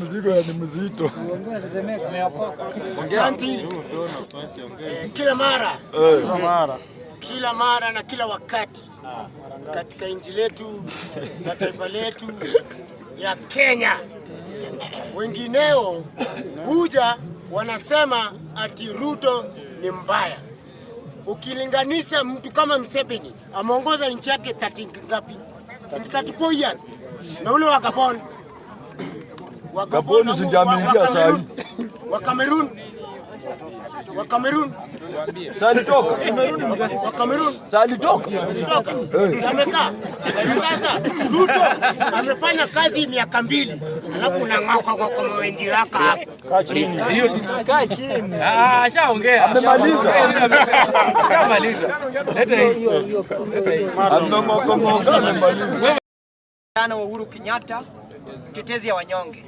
Mzigo ni mzito. Asante. Eh. Kila mara kila mara na kila wakati katika nchi letu na taifa letu ya Kenya, wengineo huja wanasema ati Ruto ni mbaya. Ukilinganisha mtu kama Mseveni ameongoza nchi yake 30 ngapi? 34 years na ule wa Gabon Gaboni zingeameingia saa hii wa Cameroon wa Cameroon toka wa Cameroon toka ameka sasa. Ruto amefanya kazi miaka mbili, alafu unang'auka kwa kama wengi wako hapo. Hiyo tu tunakaa chini. Ah, ashaongea amemaliza, ashamaliza. Leta hiyo, leta hiyo, amemaliza. Jana wa Uhuru Kenyatta tetezi ya wanyonge.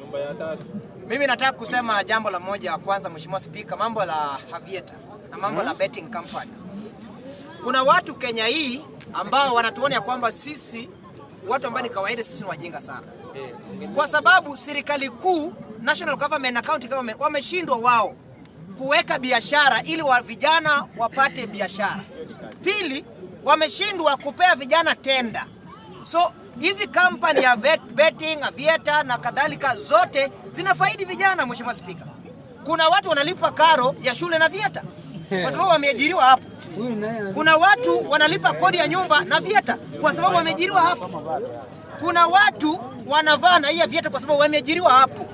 Mimi nataka kusema jambo la moja ya kwanza, Mheshimiwa Spika, mambo la Havieta na mambo hmm, la betting company. Kuna watu Kenya hii ambao wanatuona kwamba sisi watu ambao ni kawaida sisi ni wajinga sana, kwa sababu serikali kuu, national government na county government wameshindwa wao kuweka biashara ili wa vijana wapate biashara. Pili, wameshindwa kupea vijana tenda, so hizi kampani ya vet, betting avieta na kadhalika zote zinafaidi vijana. Mheshimiwa Spika, kuna watu wanalipa karo ya shule na vieta kwa sababu wameajiriwa hapo. Kuna watu wanalipa kodi ya nyumba na vieta kwa sababu wameajiriwa hapo. Kuna watu wanavaa na hiyo vieta kwa sababu wameajiriwa hapo.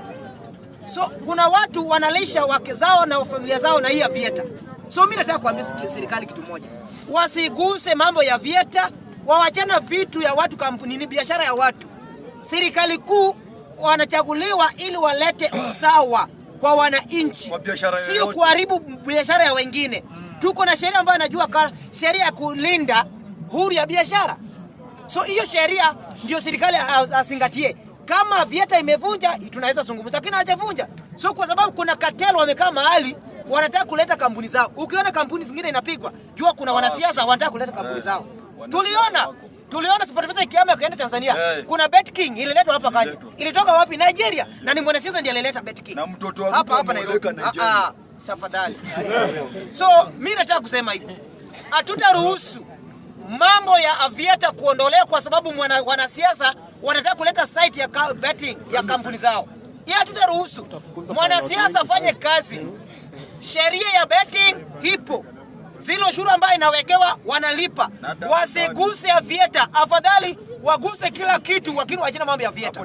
So kuna watu wanalisha wake zao na familia zao na hiyo vieta. So mimi nataka kuambia serikali kitu moja, wasiguse mambo ya vieta wawachana vitu ya watu, kampuni ni biashara ya watu. Serikali kuu wanachaguliwa ili walete usawa kwa wananchi, sio kuharibu biashara ya wengine. Mm. Tuko na sheria ambayo najua sheria ya kulinda huru ya biashara, so hiyo sheria ndio serikali azingatie. Kama Vieta imevunja tunaweza zungumza, lakini hajavunja, So kwa sababu kuna cartel wamekaa mahali wanataka kuleta kampuni zao. Ukiona kampuni zingine inapigwa, jua kuna wanasiasa wanataka kuleta kampuni zao tuliona tuliona supervisa ikiama kuenda Tanzania Kuna Bet King ililetwa hapa kaje, ilitoka wapi? Nigeria Na ni Mwanasiasa ndiye alileta Bet King na mtoto wake hapa hapa Nairobi. Ah, safadhali ah, so mimi nataka kusema hivi, hatutaruhusu mambo ya aviata kuondolewa kwa sababu mwana, wanasiasa wanataka kuleta site ya ka, betting ya kampuni zao. Yeye hatutaruhusu mwanasiasa afanye kazi, sheria ya betting ipo vile ushuru ambayo inawekewa wanalipa, wasiguse vieta afadhali waguse kila kitu, lakini waachane mambo ya vieta,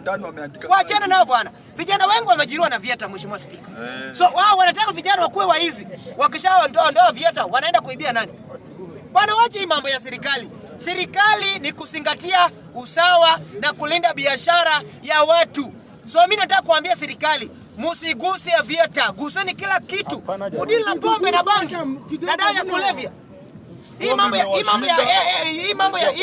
waachane nao bwana. Vijana wengi wamejiriwa na vieta, mheshimiwa Spika. Eh. So wao wanataka vijana wakuwe waizi, wakishaondoa vieta wanaenda kuibia nani? Bwana, wache hii mambo ya serikali. Serikali ni kuzingatia usawa na kulinda biashara ya watu. So mimi nataka kuambia serikali musiguse ya vieta, guseni kila kitu, kudili na pombe na bangi na dawa ya kulevya. Hii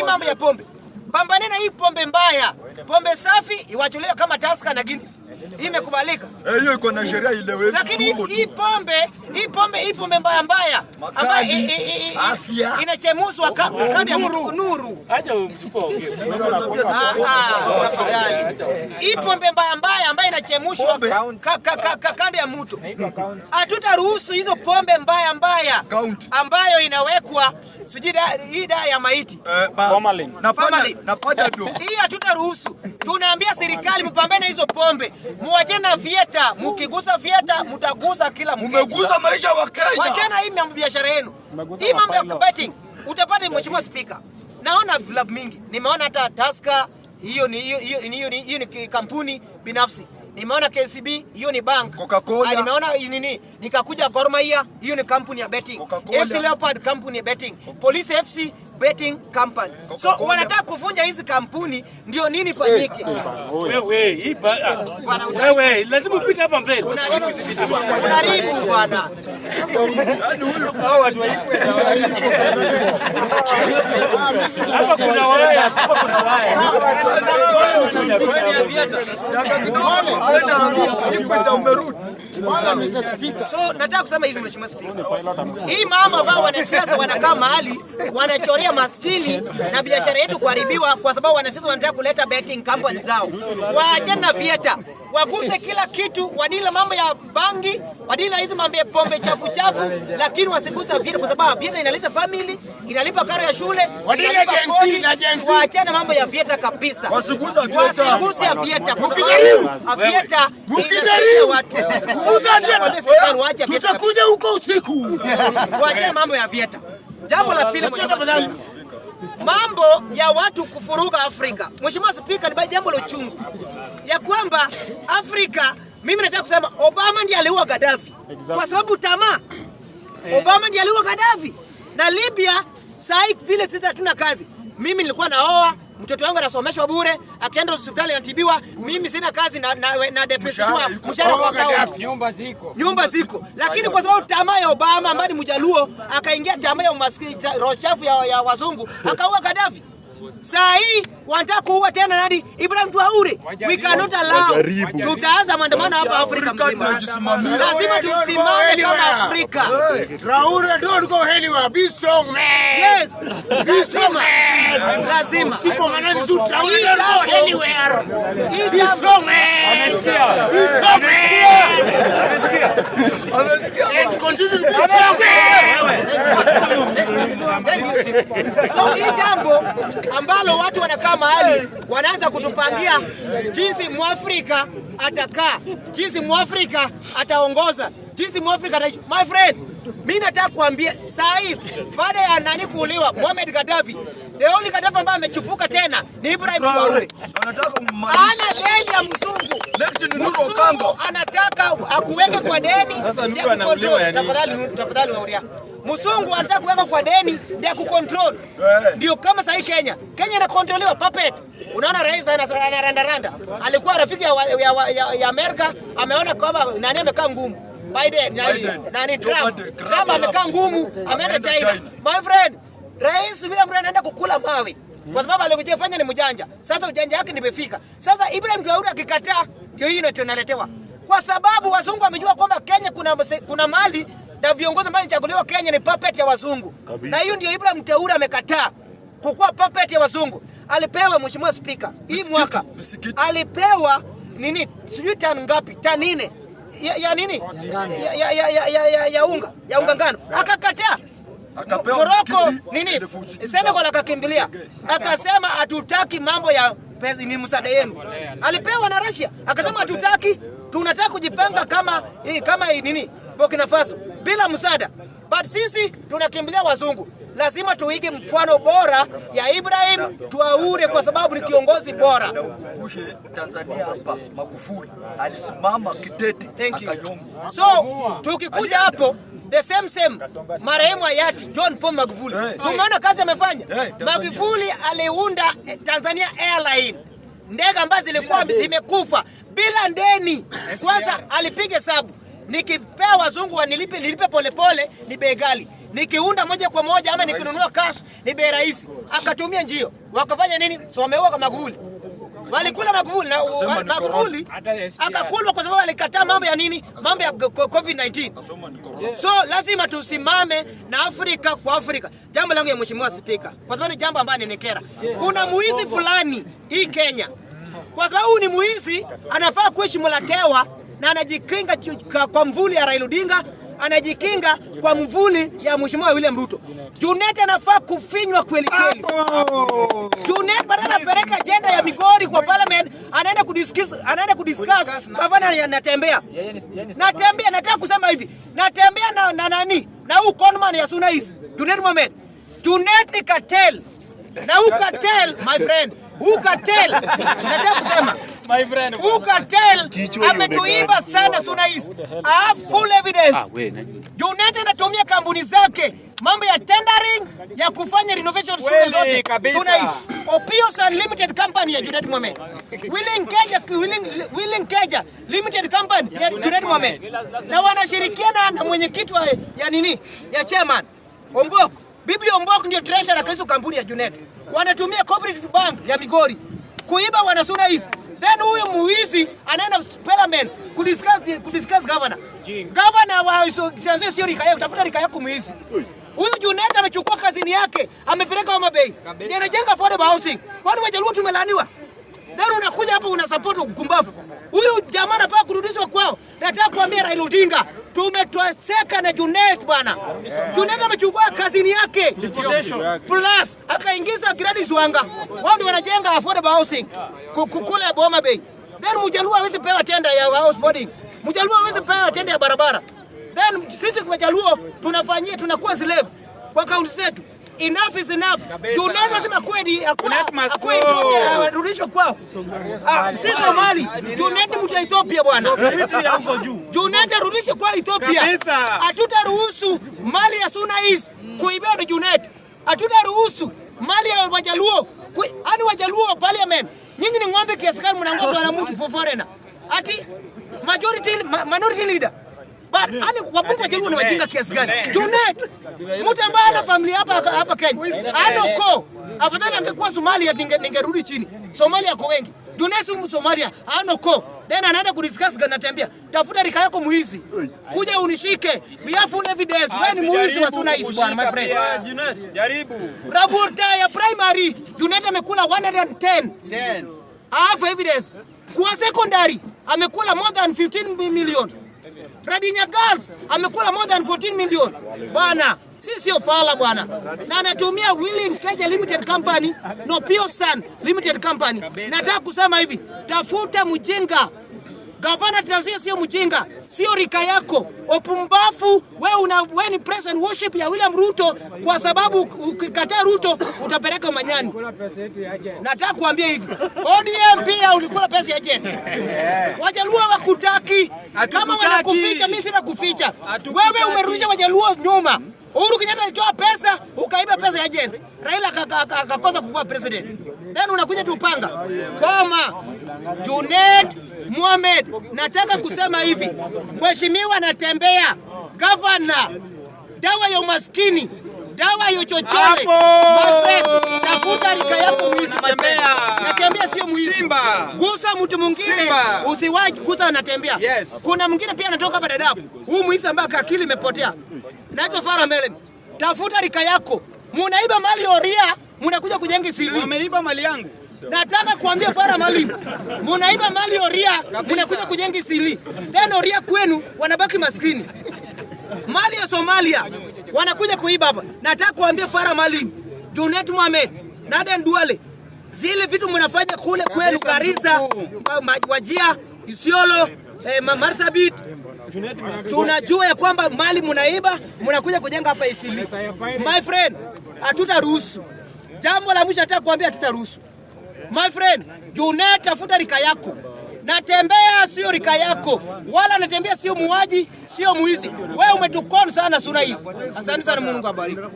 mambo ya pombe, pambaneni hii pombe mbaya. Pombe safi iwachuliwe kama Tusker na Guinness. Hii imekubalika. Eh, hiyo iko na sheria ile wewe. Lakini hii pombe, hii pombe, hii pombe mbaya mbaya ambayo afya inachemuswa kadi ya nuru. Acha umchukue ongee. Ah, ah, tafadhali. Hii pombe mbaya mbaya ambayo inachemushwa kadi ya mtu. Hatutaruhusu hizo pombe mbaya mbaya ambayo inawekwa sijida hii ya maiti. Eh, formalin. Na formalin. Na padado. Hii hatutaruhusu tunaambia serikali mpambane hizo pombe, muachene na vieta. Mkigusa vieta, mtagusa kila mtu. Mmegusa maisha ya Wakenya. Wachana hii mambo biashara yenu, hii mambo ya betting. Utapata mheshimiwa speaker, naona vilabu mingi, nimeona hata Taska, hiyo ni hiyo hiyo ni, hiyo ni kampuni binafsi nimeona KCB hiyo ni bank. Coca-Cola. Ah, nimeona nini? Nikakuja Gor Mahia hiyo ni kampuni ya betting. FC Leopard kampuni ya betting. Police FC betting company. So wanataka kuvunja hizi kampuni, ndio nini fanyike? Wewe wewe, lazima upite hapa mbele. Unaribu bwana. Hapa kuna waya, hapa kuna waya. Umerudi. So nataka kusema hivi mheshimiwa Spika, hii mama ambao wanasiasa wanakaa mahali wanachorea maskini na biashara yetu kuharibiwa, kwa sababu wanasiasa wanataka kuleta betting company zao. Waachane na vieta, waguse kila kitu, wadila mambo ya bangi, wadila hizi mambo ya pombe chafu chafu, lakini wasigusa vieta, kwa sababu vieta inalisha family, inalipa karo ya shule, inalipa kodi. Waachane na mambo ya vieta kabisa, wasiguse vieta, vieta inasaidia watu Ah, tutakuja huko usiku. Wache mambo ya vieta. Jambo la pili, mambo ya watu kufuruka Afrika. Mheshimiwa Spika, ni jambo la uchungu ya kwamba Afrika, mimi nataka kusema Obama ndiye aliua Gaddafi kwa sababu tamaa. Obama ndiye aliua Gaddafi na Libya, hii vile sisi hatuna kazi. Mimi nilikuwa naoa mtoto wangu anasomeshwa bure, akienda hospitali anatibiwa, mimi sina kazi na, na, na deposit tu, mshahara kwa kaunti. Nyumba ziko, nyumba ziko, lakini kwa sababu tamaa ya Obama ambaye ni mjaluo akaingia tamaa ya umaskini, roho chafu ya, ya wazungu akaua Gaddafi. Saa hii wanataka kuua tena nani? Ibrahim Traore. We cannot allow. Tutaanza maandamano hapa Afrika mzima. Lazima tusimame kama Afrika. Traore don't go anywhere. Be strong man. Yes. Be strong man. Siko anywhere. Isome. Isome. And continue to So hii jambo ambalo watu wanakaa mahali wanaanza kutupangia jinsi Mwafrika atakaa, jinsi Mwafrika ataongoza, jinsi Mwafrika My friend, mimi nataka kuambia saa hii baada ya nani kuuliwa Mohamed Gaddafi, the only Gaddafi ambaye amechupuka tena ni Ibrahim Traore. Ana deni ya mzungu. Mzungu anataka akuweke kwa deni. Sasa mtu anauliwa yani. Tafadhali tafadhali wauria. Mzungu anataka kuweka kwa deni ndio kucontrol. Eh. Ndio kama saa hii Kenya. Kenya inakontroliwa puppet. Unaona rais anarandaranda. Alikuwa rafiki ya, ya, ya, ya Amerika ameona kwamba nani amekaa ngumu Biden nani Trump. Trump amekaa ngumu, ameenda China. My friend, Rais William Ruto anaenda kukula mawe kwa sababu alivyofanya ni mjanja. Sasa ujanja wake nimefika. Sasa Ibrahim Traore akikataa, ndio hii ndio tunaletewa. Kwa sababu wazungu wamejua kwamba Kenya kuna kuna mali na viongozi ambao wanachaguliwa Kenya ni puppet ya wazungu. Kabisa. Na hiyo ndio Ibrahim Traore amekataa kukua puppet ya wazungu. Alipewa Mheshimiwa Speaker hii mwaka. Alipewa nini? Sijui tani ngapi? Tani nne ya, ya nini ya, ya, ya, ya, ya, ya, ya unga ya unga ngano akakataa. Moroko nini Senegal akakimbilia, akasema hatutaki mambo ya pesa, ni msaada yenu. Alipewa na Russia akasema hatutaki, tunataka kujipanga kama eh, kama nini Burkina Faso bila msaada, but sisi tunakimbilia wazungu lazima tuige mfano bora ya Ibrahim tuaure, kwa sababu ni kiongozi bora. Kumbushe Tanzania hapa Magufuli alisimama kidete, thank you. So tukikuja hapo the same same marehemu hayati John Pombe Magufuli hey. Tumeona kazi amefanya hey. Magufuli aliunda eh, Tanzania Airline ndege ambazo zilikuwa zimekufa bila ndeni. Kwanza alipiga sabu nikipea wazungu wanilipe, nilipe polepole, ni bei ghali. Nikiunda moja kwa moja ama nikinunua cash ni bei rahisi. Akatumia njio, wakafanya nini? So wameua kwa Magufuli, walikula Magufuli na Magufuli akakulwa kwa sababu alikataa mambo ya nini, mambo ya COVID 19. So lazima tusimame na Afrika kwa Afrika. Jambo langu ya mheshimiwa Spika, kwa sababu ni jambo ambalo ninekera Kuna muizi fulani hii Kenya, kwa sababu ni muizi anafaa kuishi mulatewa na anajikinga kwa mvuli ya Raila Odinga, anajikinga kwa mvuli ya Mheshimiwa William Ruto. Junet anafaa kufinywa kweli kweli. Junet badala apeleka agenda ya Migori kwa parliament, anaenda kudiscuss, anaenda kudiscuss gavana anatembea. Natembea, nataka kusema hivi. Natembea na, na nani? Na huyu conman ya Sunais hizi. Junet Mohamed. Junet ni cartel. Na huyu cartel my friend. Huyu cartel. Nataka kusema my friend. Who can tell? ametuiba sana Sunais. I have ah, full evidence. Ah, United anatumia kampuni zake mambo ya tendering ya kufanya renovation shule zote. Sunais. Opios Unlimited Company ya Junet Mohamed. Willing Keja, Willing, Willing Keja Limited Company ya Junet Mohamed. Na wanashirikiana na mwenyekiti wa ya nini? Ya chairman. Ombok. Bibi Ombok ndio treasurer kwa hizo kampuni ya Junet. Wanatumia Cooperative Bank ya Migori kuiba wanasuna hizi. Then huyu muizi anaenda parliament kudiscuss kudiscuss governor. Governor wa chanzo sio rika yake, utafuta rika yako muizi. Huyu Junet amechukua kazini yake, amepeleka Homa Bay. Anajenga affordable housing. Kwani wajaluo tumelaniwa? Mbona unakuja hapa una support ukumbafu? Huyu jamaa anafaa kurudishwa kwao. Nataka kuambia Raila Odinga, tumetoseka na Junet bwana. Junet amechukua kazini yake. Plus akaingiza Gladys Wanga. Wao ndio wanajenga affordable housing kule Boma Bay. Then Mjaluo hawezi pewa tenda ya house boarding. Mjaluo hawezi pewa tenda ya barabara. Then sisi kwa Jaluo tunafanyia tunakuwa slave kwa kaunti zetu. Enough is enough. Tunasema kweli hakuna warudishwe kwao. Ah, si Somali. Tunende mtu wa Ethiopia bwana. Junende arudishwe kwa Ethiopia. Hatutaruhusu mali ya Suna hizi kuibiwa na Junende. Hatutaruhusu mali ya Wajaluo. Ani Wajaluo parliament. Nyinyi ni ng'ombe kiasi gani mnaongozwa na mtu for foreigner. Ati majority minority leader habari. Yaani wabunge wa ni wajinga kiasi gani? Junet. Mtu ambaye ana familia hapa hapa Kenya. Ana ukoo. Afadhali angekuwa Somalia ningerudi chini. Somalia kwa wengi. Junet si Somalia, ana ukoo. Then anaenda kudiscuss gani natembea. Tafuta rika yako muizi. Kuja unishike. We have full evidence. Wewe ni muizi wa tuna bwana my friend. Jaribu. Raporta ya primary. Junet amekula 110. 10. I evidence. Kwa secondary amekula more than 15 million. Radinya Girls amekula more than 14 million bwana, si sio fala bwana, na anatumia Willing Kenya Limited Company no Pio Sun Limited Company. Nataka kusema hivi, tafuta mjinga. Gavana Tanzania sio mjinga sio rika yako. Upumbavu wewe, una wewe ni present worship ya William Ruto, kwa sababu ukikataa Ruto utapeleka manyani. Nataka kuambia hivi, ODM pia ulikula pesa ya jeni. Wajaluo wakutaki, kama wanakuficha mimi sina kuficha. Wewe umerudisha Wajaluo nyuma. Uhuru Kenyatta alitoa pesa, ukaiba pesa ya jeni. Raila akakosa kukuwa president, then unakuja tupanga koma. Junet Mohamed, nataka kusema hivi, mheshimiwa natembea gavana, dawa ya umaskini, dawa ya chochole. Tafuta rika yako mwizi, natembea sio mwizi, gusa mtu mwingine usiwaji gusa, anatembea yes. Kuna mwingine pia anatoka hapa Dadaab, huu mwizi ambaye akili imepotea, naitwa Farah Melem. Tafuta rika yako Munaiba mali horia, munakuja kujenga sili. Wameiba mali yangu. Nataka kuambia fara mali. Munaiba mali horia, munakuja kujenga sili. Tena horia kwenu wanabaki maskini. Mali ya Somalia wanakuja kuiba hapa. Nataka kuambia fara mali. Junet Mohamed, Naden Duale, zile vitu mnafanya kule kwenu Garissa, Wajia, Isiolo, eh, Marsabit tunajua ya kwamba mali munaiba munakuja kujenga hapa Isili. My friend hatutaruhusu. Jambo la mwisho nataka kuambia, hatutaruhusu my friend, juu naye rika yako natembea sio rika yako, wala natembea sio muaji, sio muizi. Wewe umetukon sana sura hizi. Asante sana, Mungu abariki.